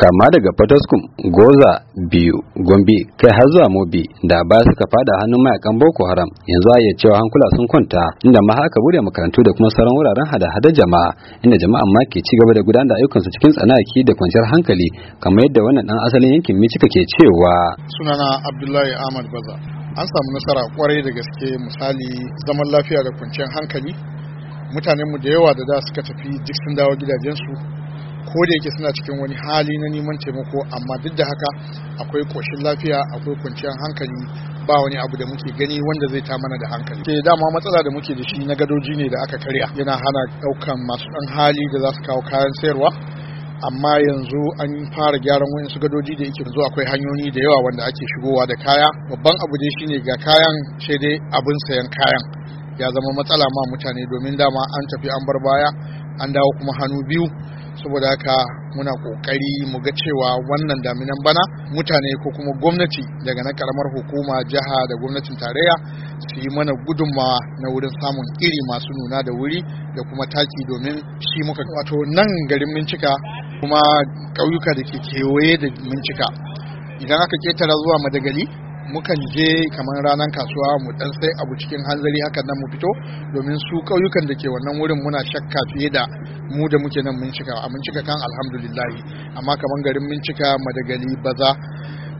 kama daga fataskum goza biyu gombe kai har zuwa mobi da baya suka fada hannun mayakan boko haram yanzu a iya cewa hankula sun kwanta inda ma haka bude makarantu da kuma sauran wuraren hada-hada jama'a inda jama'a ma ke cigaba da gudanar da ayyukansu cikin tsanaki da kwanciyar hankali kamar yadda wannan dan asalin yankin Michika ke cewa sunana Abdullahi Ahmad Baza an samu nasara kwarai da gaske misali zaman lafiya da kwanciyar hankali mutanenmu da yawa da da suka tafi duk sun dawo gidajensu ko da yake suna cikin wani hali na neman taimako amma duk da haka akwai koshin lafiya akwai kwanciyar hankali ba wani abu da muke gani wanda zai ta mana da hankali ke eh, dama matsala da muke da shi na gadoji ne da aka karya yana hana daukan masu dan hali da za su kawo kayan sayarwa amma yanzu an fara gyaran wani su gadoji da yake yanzu akwai hanyoyi da yawa wanda ake shigowa da kaya babban abu dai shine ga kayan sai dai abin sayan kayan ya zama matsala ma mutane domin dama an tafi an bar baya an dawo kuma hannu biyu saboda haka muna kokari mu ga cewa wannan daminan bana mutane ko kuma gwamnati daga na karamar hukuma jiha da gwamnatin tarayya su yi mana gudunmawa na wurin samun iri masu nuna da wuri da kuma taki domin shi muka wato nan garin mincika kuma ƙauyuka da ke kewaye da mincika idan aka ketara zuwa madagali mukan je kamar ranar kasuwa mu dan sai abu cikin hanzari hakan nan mu fito domin su ƙauyukan da ke wannan wurin muna shakka fiye da mu da muke nan mun cika a mun cika kan alhamdulillahi amma kamar garin mun cika madagali baza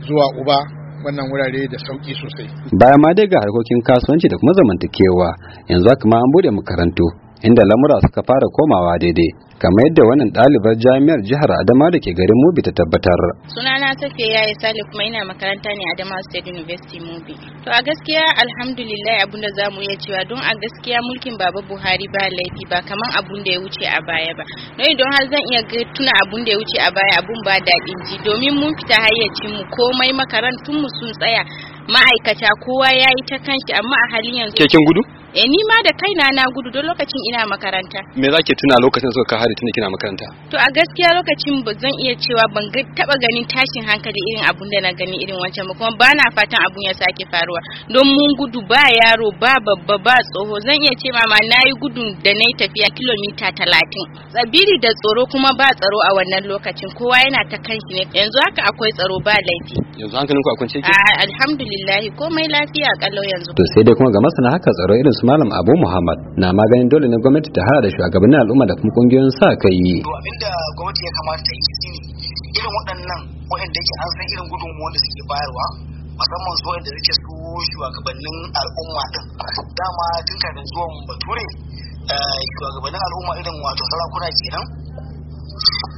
zuwa uba wannan wurare da sauki sosai bayan ma dai ga harkokin kasuwanci da kuma zamantakewa yanzu haka ma an bude makarantu inda lamura suka fara komawa daidai kamar yadda wannan ɗalibar jami'ar jihar adama da ke garin mubi ta tabbatar sunana tafiya ya yi sali kuma ina makaranta ne adama state university mubi to a gaskiya alhamdulillah abun da zamu iya cewa don a gaskiya mulkin baba buhari ba laifi ba kamar abun da ya wuce a baya ba don don har zan iya tuna abun da ya wuce a baya abun ba daɗin ji domin mun fita hayyacin mu komai makarantun mu sun tsaya ma'aikata kowa ya yi ta kanshi amma a halin yanzu ke gudu eh ni ma da kaina na gudu don lokacin ina makaranta me zaki tuna lokacin suka ka hari tun kina makaranta to a gaskiya lokacin ba zan iya cewa ban taba ganin tashin hankali irin abun da na gani irin wancan ba kuma bana fatan abun ya sake faruwa don mun gudu ba yaro ba babba ba tsoho zan iya ce mama yi gudun da nayi tafiya kilomita talatin tsabiri da tsoro kuma ba tsaro a wannan lokacin kowa yana ta kanshi ne yanzu haka akwai tsaro ba laifi yanzu hankalinku a kwance ki ah, alhamdulillah komai lafiya kallau yanzu to sai dai kuma ga masana haka tsaro irin su malam abu muhammad na maganin dole ne gwamnati ta hada da shugabannin al'umma da kuma kungiyoyin sa kai to abinda gwamnati ya kamata ta yi shine irin waɗannan waɗanda yake an san irin gudunmuwar da suke bayarwa musamman su waɗanda suke su shugabannin al'umma din dama tun kafin zuwan bature eh, shugabannin al'umma irin wato sarakuna kenan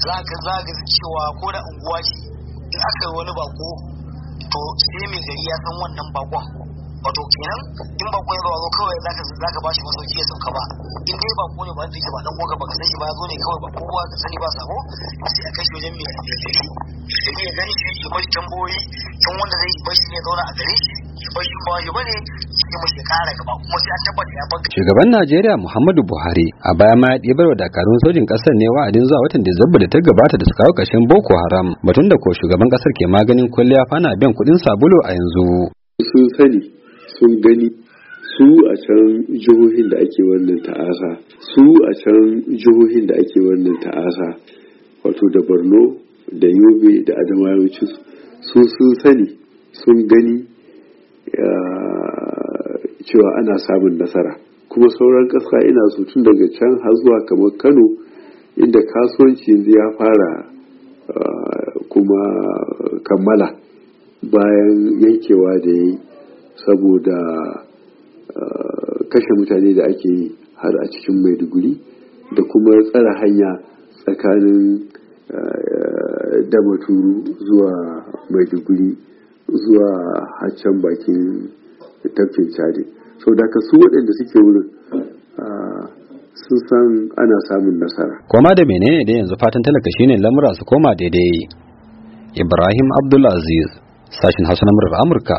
za ka zaga cewa ko da unguwa ce in aka yi wani bako to sai mai gari ya san wannan bakon wato kenan in ba koyi ba zo kawai zaka zaka bashi masauki ya sauka ba in dai ba ne ba da ba dan goga ba ka sani ba zo ne kawai ba kowa ka sani ba sabo sai a kashe wajen mai alheri sai ya gani shi ya bari tamboyi can wanda zai yi bashi ne zauna a gare shi ya bashi ba ya bane shi mu shi kara gaba kuma sai an tabbata ya baka shugaban Najeriya Muhammadu Buhari a baya ma ya barwa dakarun sojin kasar ne wa'adin zuwa watan zabba da ta gabata da su kawo ƙarshen Boko Haram batun da ko shugaban kasar ke maganin kulliya fana biyan kuɗin sabulu a yanzu sun sani sun gani su a can jihohin da ake wannan ta'asa su a can jihohin da ake wannan ta'asa wato da borno da yobe da adamawa su sun sani sun gani cewa ana samun nasara kuma sauran ƙasa ina su tun daga can har zuwa kamar kano inda kasuwanci yanzu ya fara ah, kuma kammala bayan yankewa da ya yi saboda eh, kashe mutane da ake yi har a cikin maiduguri da kuma tsara hanya tsakanin eh, damaturu zuwa maiduguri zuwa haccan bakin tafkin cari sau da ka su waɗanda suke wurin eh, sun san ana samun nasara koma da menene da yanzu fatan talaka shine lamura su koma daidai ibrahim abdulaziz sashin Hassan murar amurka